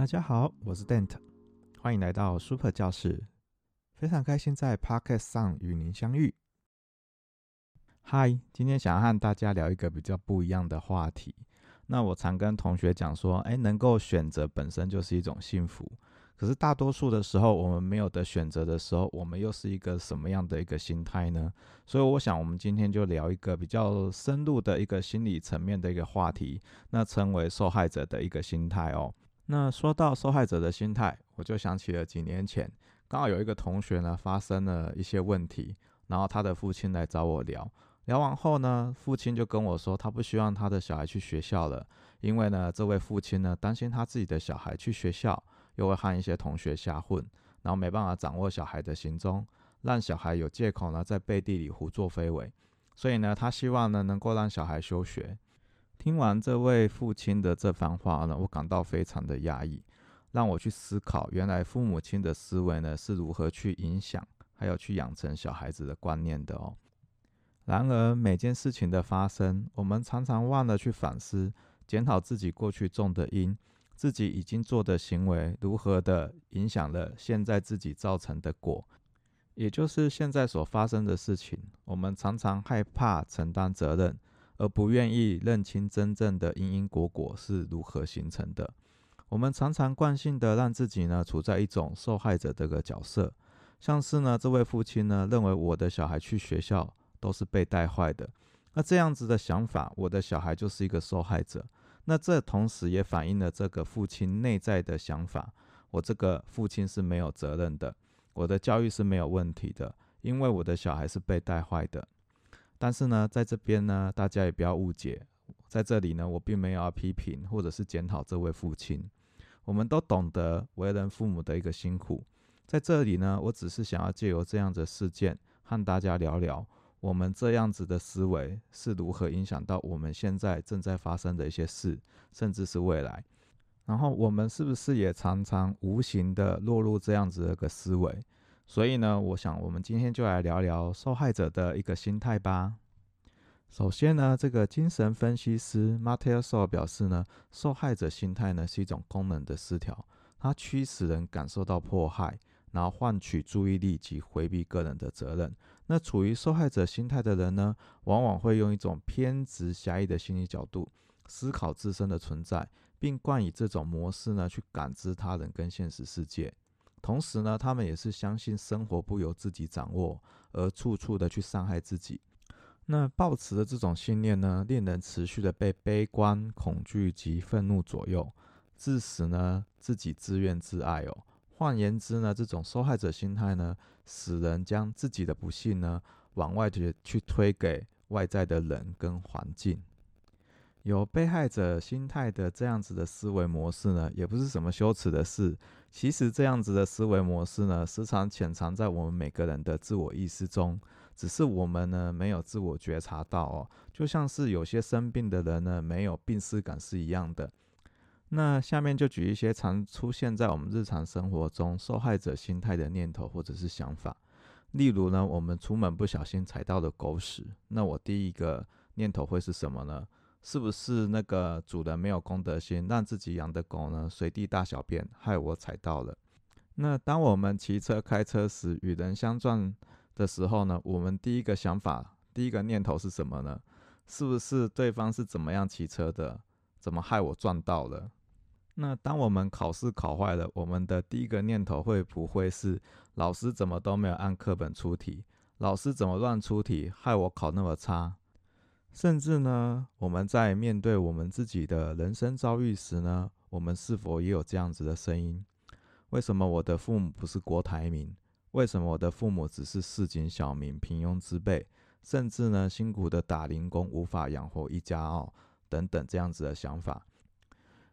大家好，我是 Dante 歡迎來到 Super 教室，非常開心在 Podcast 上與您相遇。嗨，今天想要和大家聊一個比較不一樣的話題。那我常跟同學講說，哎，能夠選擇本身就是一種幸福。可是大多數的時候，我們沒有的選擇的時候，我們又是一個什麼樣的一個心態呢？所以我想，我們今天就聊一個比較深入的一個心理層面的一個話題，那稱為受害者的一個心態哦。那說到受害者的心態，我就想起了幾年前，剛好有一個同學呢發生了一些問題，然後他的父親來找我聊，聊完後呢，父親就跟我說，他不希望他的小孩去學校了，因為呢，這位父親呢擔心他自己的小孩去學校又會和一些同學瞎混，然後沒辦法掌握小孩的行蹤，讓小孩有借口呢在背地裡胡作非為，所以呢，他希望呢能夠讓小孩休學。聽完這位父親的這番話呢，我感到非常的壓抑，讓我去思考，原來父母親的思維呢是如何去影響，還有去養成小孩子的觀念的哦。然而每件事情的發生，我們常常忘了去反思，檢討自己過去種的因，自己已經做的行為如何的影響了現在自己造成的果。也就是現在所發生的事情，我們常常害怕承擔責任。而不願意認清真正的因因果果是如何形成的。我們常常慣性的讓自己呢處在一種受害者的一個角色，像是呢這位父親呢認為我的小孩去學校都是被帶壞的，那這樣子的想法，我的小孩就是一個受害者。那這同時也反映了這個父親內在的想法，我這個父親是沒有責任的，我的教育是沒有問題的，因為我的小孩是被帶壞的。但是呢，在這邊呢，大家也不要誤解，在這裡呢，我並沒有要批評或者是檢討這位父親。我們都懂得為人父母的一個辛苦，在這裡呢，我只是想要借由這樣子事件和大家聊聊，我們這樣子的思維是如何影響到我們現在正在發生的一些事，甚至是未來。然後我們是不是也常常無形的落入這樣子的一個思維？所以呢，我想我們今天就來聊聊受害者的一個心態吧。首先呢，這個精神分析師 Martelso 表示呢，受害者心態呢是一種功能的失調，它驅使人感受到迫害，然後換取注意力及回避個人的責任。那處於受害者心態的人呢，往往會用一種偏執狹義的心理角度思考自身的存在，並冠以這種模式呢去感知他人跟現實世界。同時呢，他們也是相信生活不由自己掌握，而處處的去傷害自己。那抱持的這種信念呢，令人持續的被悲觀、恐懼及憤怒左右，致使呢自己自怨自艾哦。換言之呢，這種受害者心態呢，使人將自己的不幸呢往外去去推給外在的人跟環境。有被害者心態的這樣子的思維模式呢，也不是什麼羞恥的事。其實這樣子的思維模式呢，時常潛藏在我們每個人的自我意識中。只是我們呢，沒有自我覺察到哦，就像是有些生病的人呢，沒有病恥感是一樣的。那下面就舉一些常出現在我們日常生活中受害者心態的念頭或者是想法，例如呢，我們出門不小心踩到了狗屎，那我第一個念頭會是什麼呢？是不是那個主人沒有公德心，讓自己養的狗呢隨地大小便，害我踩到了？那當我們騎車開車時與人相撞。的時候呢，我們第一個想法、第一個念頭是什麼呢？是不是對方是怎麼樣騎車的，怎麼害我撞到了？那當我們考試考壞了，我們的第一個念頭會不會是老師怎麼都沒有按課本出題，老師怎麼亂出題，害我考那麼差？甚至呢，我們在面對我們自己的人生遭遇時呢，我們是否也有這樣子的聲音？為什麼我的父母不是郭台銘？為什麼我的父母只是市井小民、平庸之輩，甚至呢辛苦的打零工無法養活一家哦？等等這樣子的想法，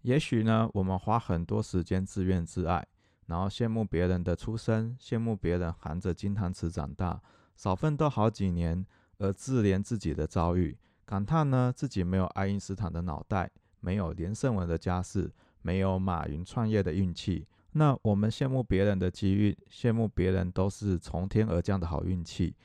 也許呢我們花很多時間自怨自艾，然後羨慕別人的出身，羨慕別人含着金湯匙長大，少奮鬥好幾年，而自憐自己的遭遇，感嘆呢自己沒有愛因斯坦的腦袋，沒有連勝文的家世，沒有馬雲創業的運氣。那我們羨慕別人的機遇，羨慕別人都是從天而降的好運氣，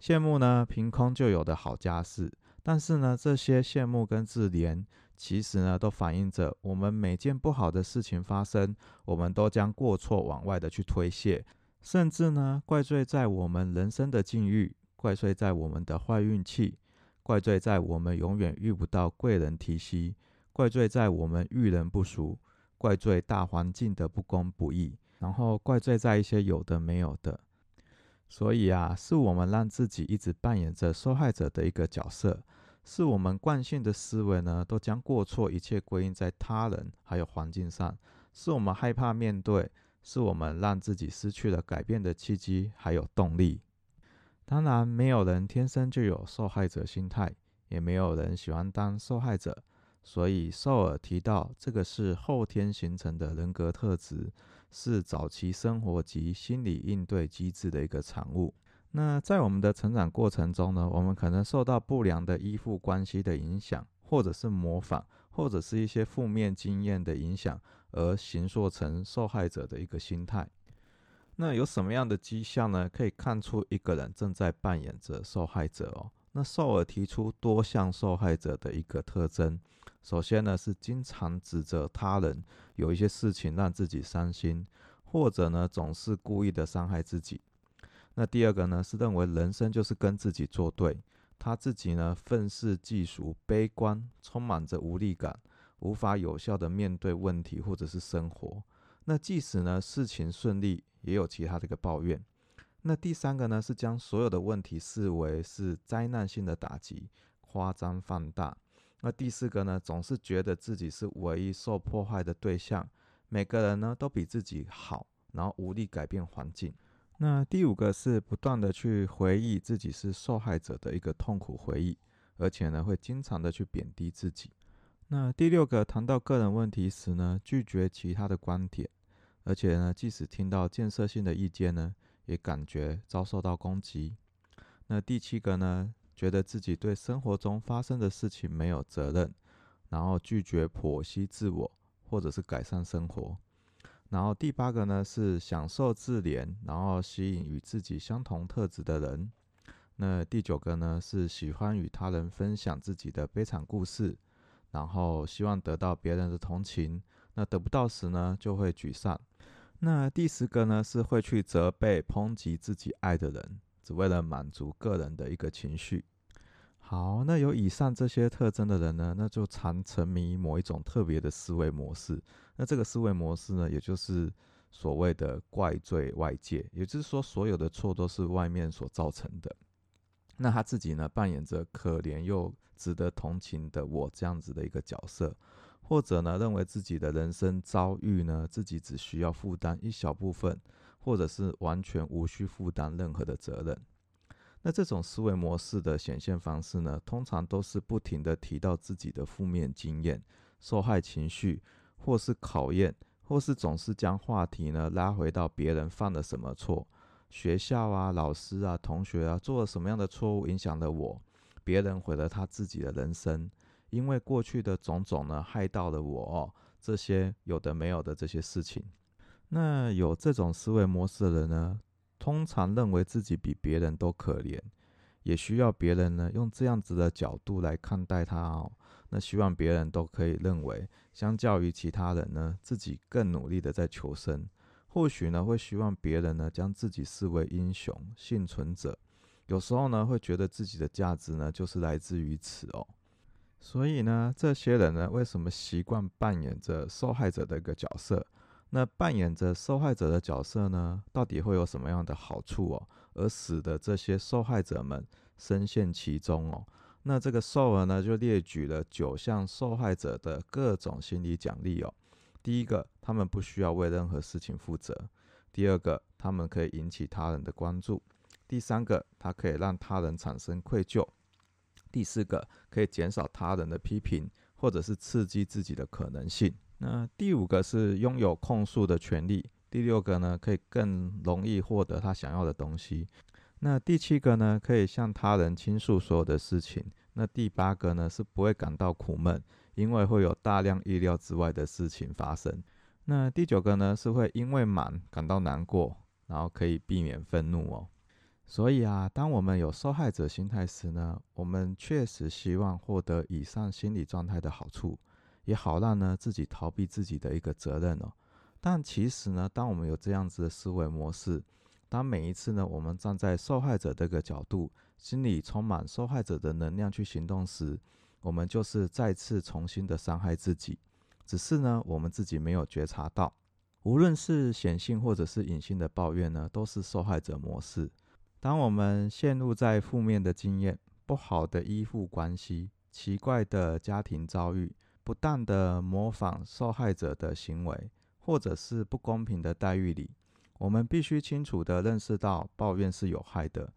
羨慕呢憑空就有的好家世。但是呢，這些羨慕跟自憐，其實呢都反映着我們每件不好的事情發生，我們都將過錯往外的去推卸，甚至呢怪罪在我們人生的境遇，怪罪在我們的壞運氣，怪罪在我們永遠遇不到貴人提攜，怪罪在我們遇人不淑。怪罪大環境的不公不義，然後怪罪在一些有的沒有的，所以啊，是我們讓自己一直扮演着受害者的一個角色，是我們慣性的思維呢，都將過錯一切歸因在他人還有環境上，是我們害怕面對，是我們讓自己失去了改變的契機還有動力。當然，沒有人天生就有受害者心態，也沒有人喜歡當受害者。所以，受耳提到，這個是後天形成的人格特質，是早期生活及心理應對機制的一個產物。那在我們的成長過程中呢，我們可能受到不良的依附關係的影響，或者是模仿，或者是一些負面經驗的影響，而形塑成受害者的一個心態。那有什麼樣的跡象呢？可以看出一個人正在扮演着受害者哦。那受耳提出多項受害者的一個特徵。首先呢，是經常指責他人，有一些事情讓自己傷心，或者呢總是故意的傷害自己。那第二個呢，是認為人生就是跟自己作對，他自己呢憤世嫉俗、悲觀，充滿着無力感，無法有效的面對問題或者是生活。那即使呢事情順利，也有其他的一個抱怨。那第三個呢，是將所有的問題視為是災難性的打擊，誇張放大。那第四個呢，總是覺得自己是唯一受迫害的對象，每個人呢都比自己好，然後無力改變環境。那第五個是不斷的去回憶自己是受害者的一個痛苦回憶，而且呢會經常的去貶低自己。那第六個談到個人問題時呢，拒絕其他的觀點，而且呢即使聽到建設性的意見呢，也感覺遭受到攻擊。那第七個呢，覺得自己對生活中發生的事情沒有責任，然後拒絕剖析自我或者是改善生活。然後第八個呢是享受自憐，然後吸引與自己相同特質的人。那第九個呢是喜歡與他人分享自己的悲慘故事，然後希望得到別人的同情。那得不到時呢就會沮喪。那第十個呢是會去責備抨擊自己愛的人，只為了滿足個人的一個情緒。好，那有以上這些特徵的人呢，那就常沉迷某一種特別的思維模式。那這個思維模式呢，也就是所謂的怪罪外界，也就是說，所有的錯都是外面所造成的。那他自己呢，扮演着可憐又值得同情的我這樣子的一個角色，或者呢，認為自己的人生遭遇呢，自己只需要負擔一小部分，或者是完全無需負擔任何的責任。那這種思維模式的顯現方式呢，通常都是不停地提到自己的負面經驗、受害情緒，或是考驗，或是總是將話題呢拉回到別人犯了什麼錯，學校啊、老師啊、同學啊做了什麼樣的錯誤，影響了我，別人毀了他自己的人生，因為過去的種種呢害到了我哦，這些有的沒有的這些事情。那有這種思維模式的人呢，通常認為自己比別人都可憐，也需要別人呢用這樣子的角度來看待他哦。那希望別人都可以認為，相較於其他人呢，自己更努力的在求生。或許呢會希望別人呢將自己視為英雄、倖存者。有時候呢會覺得自己的價值呢就是來自於此哦。所以呢，這些人呢為什麼習慣扮演着受害者的一個角色？那扮演着受害者的角色呢，到底會有什麼樣的好處哦？而使得這些受害者們深陷其中哦？那這個獸人呢，就列舉了九項受害者的各種心理獎勵哦。第一個，他們不需要為任何事情負責；第二個，他們可以引起他人的關注；第三個，他可以讓他人產生愧疚；第四個，可以減少他人的批評，或者是刺激自己的可能性。那第五個是擁有控訴的權利，第六個呢，可以更容易獲得他想要的東西。那第七個呢，可以向他人傾訴所有的事情。那第八個呢，是不會感到苦悶，因為會有大量意料之外的事情發生。那第九個呢，是會因為滿感到難過，然後可以避免憤怒哦。所以啊，當我們有受害者心態時呢，我們確實希望獲得以上心理狀態的好處。也好，讓呢自己逃避自己的一個責任哦。但其實呢，當我們有這樣子的思維模式，當每一次呢我們站在受害者這個角度，心裡充滿受害者的能量去行動時，我們就是再次重新的傷害自己。只是呢，我們自己沒有覺察到。無論是顯性或者是隱性的抱怨呢，都是受害者模式。當我們陷入在負面的經驗、不好的依附關係、奇怪的家庭遭遇，不斷地模仿受害者的行為，或者是不公平的待遇裡，我們必須清楚地認識到，抱怨是有害的。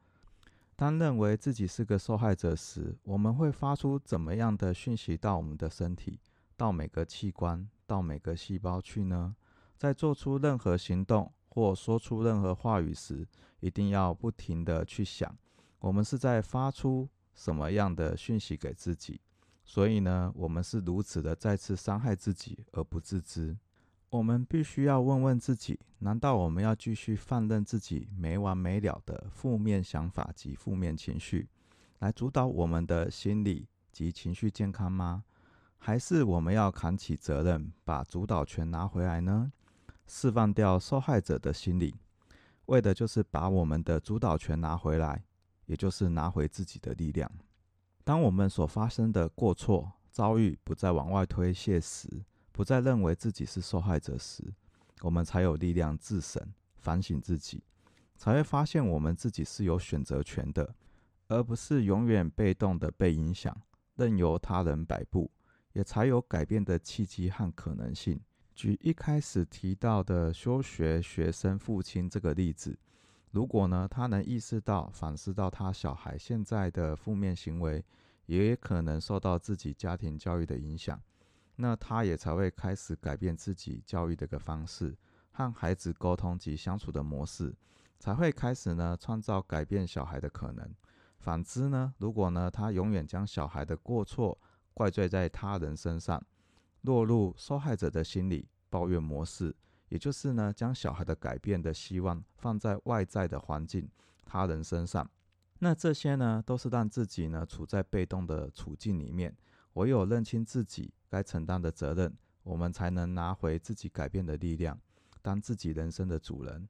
當認為自己是個受害者時，我們會發出怎麼樣的訊息到我們的身體，到每個器官，到每個細胞去呢？在做出任何行動或說出任何話語時，一定要不停地去想，我們是在發出什麼樣的訊息給自己。所以呢，我們是如此的再次傷害自己而不自知。我們必須要問問自己：難道我們要繼續放任自己沒完沒了的負面想法及負面情緒，來主導我們的心理及情緒健康嗎？還是我們要扛起責任，把主導權拿回來呢？釋放掉受害者的心理，為的就是把我們的主導權拿回來，也就是拿回自己的力量。當我們所發生的過錯遭遇不再往外推卸時，不再認為自己是受害者時，我們才有力量自省、反省自己，才會發現我們自己是有選擇權的，而不是永遠被動的被影響、任由他人擺布，也才有改變的契機和可能性。舉一開始提到的休學學生父親這個例子。如果呢，他能意識到、反思到他小孩現在的負面行為，也可能受到自己家庭教育的影響，那他也才會開始改變自己教育的一個方式，和孩子溝通及相處的模式，才會開始呢，創造改變小孩的可能。反之呢，如果呢，他永遠將小孩的過錯怪罪在他人身上，落入受害者的心理抱怨模式。也就是呢，將小孩的改變的希望放在外在的環境、他人身上。那這些呢，都是讓自己呢處在被動的處境裡面。唯有認清自己該承擔的責任，我們才能拿回自己改變的力量，當自己人生的主人。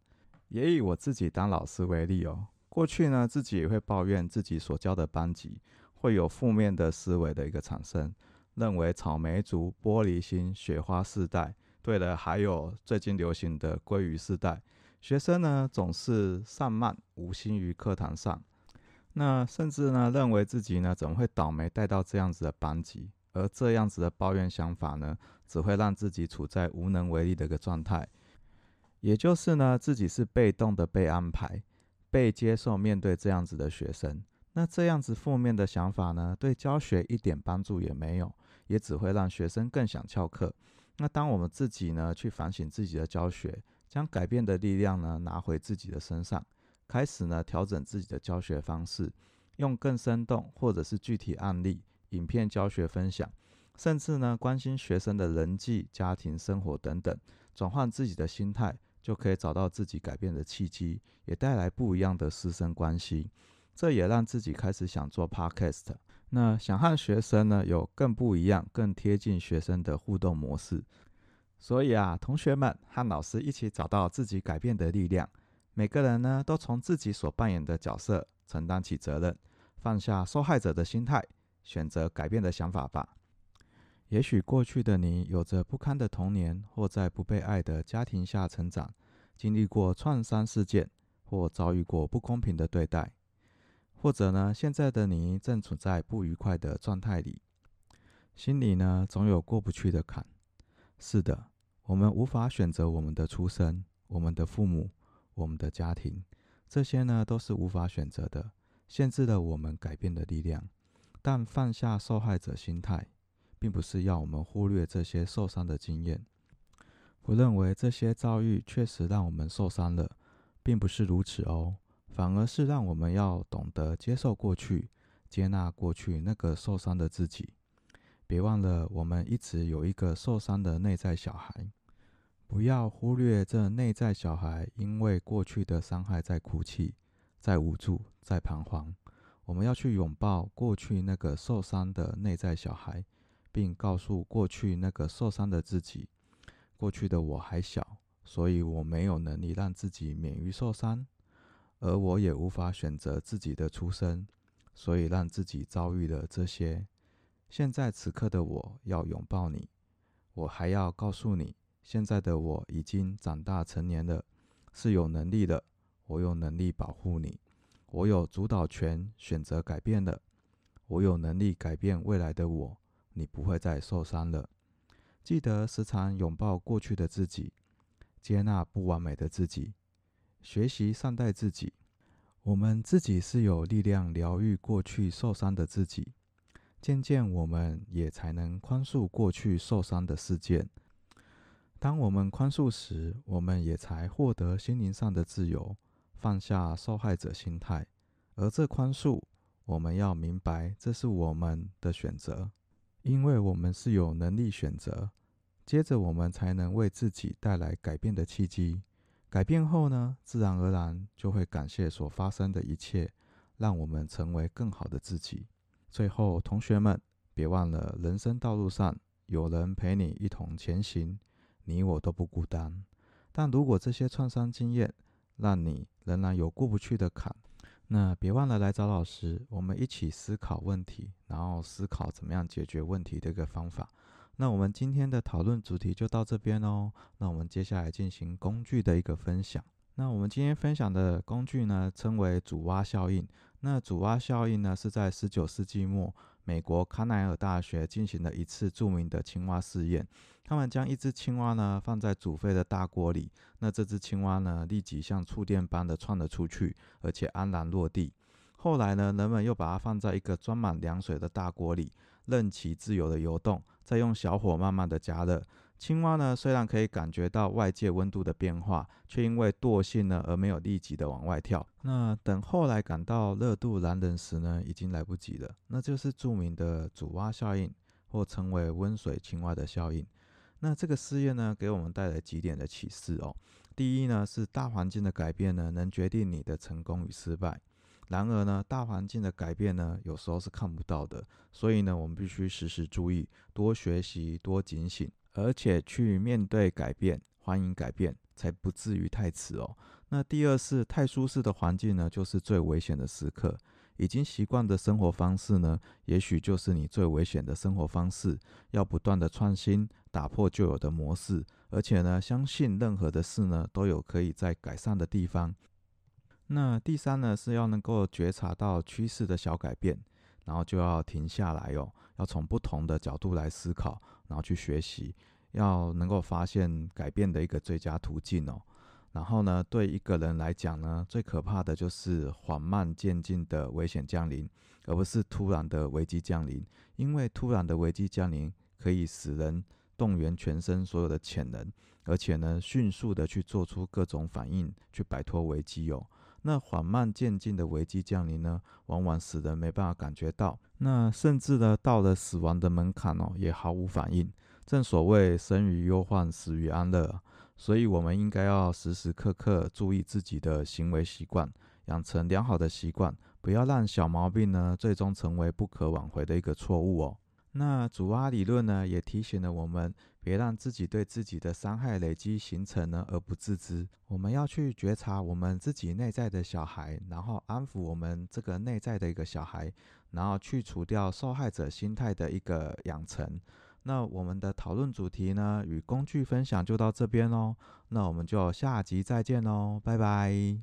也以我自己當老師為例哦，過去呢，自己也會抱怨自己所教的班級會有負面的思維的一個產生，認為草莓族、玻璃心、雪花世代。對了，還有最近流行的“鮭魚世代”學生呢，總是散漫，無心於課堂上。那甚至呢，認為自己呢怎麼會倒霉帶到這樣子的班級？而這樣子的抱怨想法呢，只會讓自己處在無能為力的一個狀態。也就是呢，自己是被動的被安排、被接受面對這樣子的學生。那這樣子負面的想法呢，對教學一點幫助也沒有，也只會讓學生更想翹課。那當我們自己呢去反省自己的教學，將改變的力量呢拿回自己的身上，開始呢調整自己的教學方式，用更生動或者是具體案例、影片教學分享，甚至呢關心學生的人際、家庭生活等等，轉換自己的心態，就可以找到自己改變的契機，也帶來不一樣的師生關係。這也讓自己開始想做 Podcast。那想和學生呢有更不一樣、更貼近學生的互動模式，所以啊，同學們和老師一起找到自己改變的力量，每個人呢都從自己所扮演的角色承擔起責任，放下受害者的心態，選擇改變的想法吧。也許過去的你有着不堪的童年，或在不被愛的家庭下成長，經歷過創傷事件，或遭遇過不公平的對待。或者呢，現在的你正處在不愉快的狀態裡，心裡呢總有過不去的坎。是的，我們無法選擇我們的出身、我們的父母、我們的家庭，這些呢都是無法選擇的，限制了我們改變的力量。但放下受害者心態，並不是要我們忽略這些受傷的經驗。我認為這些遭遇確實讓我們受傷了，並不是如此哦。反而是讓我們要懂得接受過去，接納過去那個受傷的自己。別忘了，我們一直有一個受傷的內在小孩。不要忽略這內在小孩，因為過去的傷害在哭泣，在無助，在彷徨。我們要去擁抱過去那個受傷的內在小孩，並告訴過去那個受傷的自己：過去的我還小，所以我沒有能力讓自己免於受傷。而我也無法選擇自己的出身，所以讓自己遭遇了這些。現在此刻的我要擁抱你，我還要告訴你，現在的我已經長大成年了，是有能力的。我有能力保護你，我有主導權，選擇改變了，我有能力改變未來的我，你不會再受傷了。記得時常擁抱過去的自己，接納不完美的自己。學習善待自己，我們自己是有力量療癒過去受傷的自己。漸漸，我們也才能寬恕過去受傷的事件。當我們寬恕時，我們也才獲得心靈上的自由，放下受害者心態。而這寬恕，我們要明白，這是我們的選擇，因為我們是有能力選擇。接着，我們才能為自己帶來改變的契機。改變後呢，自然而然就會感謝所發生的一切，讓我們成為更好的自己。最後，同學們別忘了，人生道路上有人陪你一同前行，你我都不孤單。但如果這些創傷經驗讓你仍然有過不去的坎，那別忘了來找老師，我們一起思考問題，然後思考怎麼樣解決問題的一個方法。那我們今天的討論主題就到這邊嘍、哦。那我們接下來進行工具的一個分享。那我們今天分享的工具呢，稱為煮蛙效應。那煮蛙效應呢，是在十九世紀末，美國康奈爾大學進行的一次著名的青蛙試驗。他們將一隻青蛙呢放在煮沸的大鍋裡，那這隻青蛙呢立即像觸電般的竄了出去，而且安然落地。後來呢，人們又把它放在一個裝滿涼水的大鍋裡，任其自由的游動，再用小火慢慢的加熱。青蛙呢，雖然可以感覺到外界溫度的變化，卻因為惰性呢而沒有立即的往外跳。那等後來感到熱度難忍時呢，已經來不及了。那就是著名的煮蛙效應，或稱為溫水青蛙的效應。那這個試驗呢，給我們帶來幾點的啟示哦。第一呢，是大環境的改變呢，能決定你的成功與失敗。然而呢，大環境的改變呢，有時候是看不到的，所以呢，我們必須時時注意，多學習，多警醒，而且去面對改變，歡迎改變，才不至於太遲哦。那第二是太舒適的環境呢，就是最危險的時刻。已經習慣的生活方式呢，也許就是你最危險的生活方式。要不斷的創新，打破舊有的模式，而且呢，相信任何的事呢，都有可以再改善的地方。那第三呢，是要能夠覺察到趨勢的小改變，然後就要停下來哦，要從不同的角度來思考，然後去學習，要能夠發現改變的一個最佳途徑哦。然後呢，對一個人來講呢，最可怕的就是緩慢漸進的危險降臨，而不是突然的危機降臨。因為突然的危機降臨，可以使人動員全身所有的潛能，而且呢，迅速的去做出各種反應，去擺脫危機哦。那緩慢漸進的危機降臨呢，往往使人沒辦法感覺到。那甚至呢，到了死亡的門檻哦，也毫無反應。正所謂“生於憂患，死於安樂”，所以我們應該要時時刻刻注意自己的行為習慣，養成良好的習慣，不要讓小毛病呢最終成為不可挽回的一個錯誤哦。那煮蛙、啊、理論呢，也提醒了我們。別讓自己對自己的傷害累積形成呢，而不自知。我們要去覺察我們自己內在的小孩，然後安撫我們這個內在的一個小孩，然後去除掉受害者心態的一個養成。那我們的討論主題呢，與工具分享就到這邊嘍，那我們就下集再見嘍，拜拜。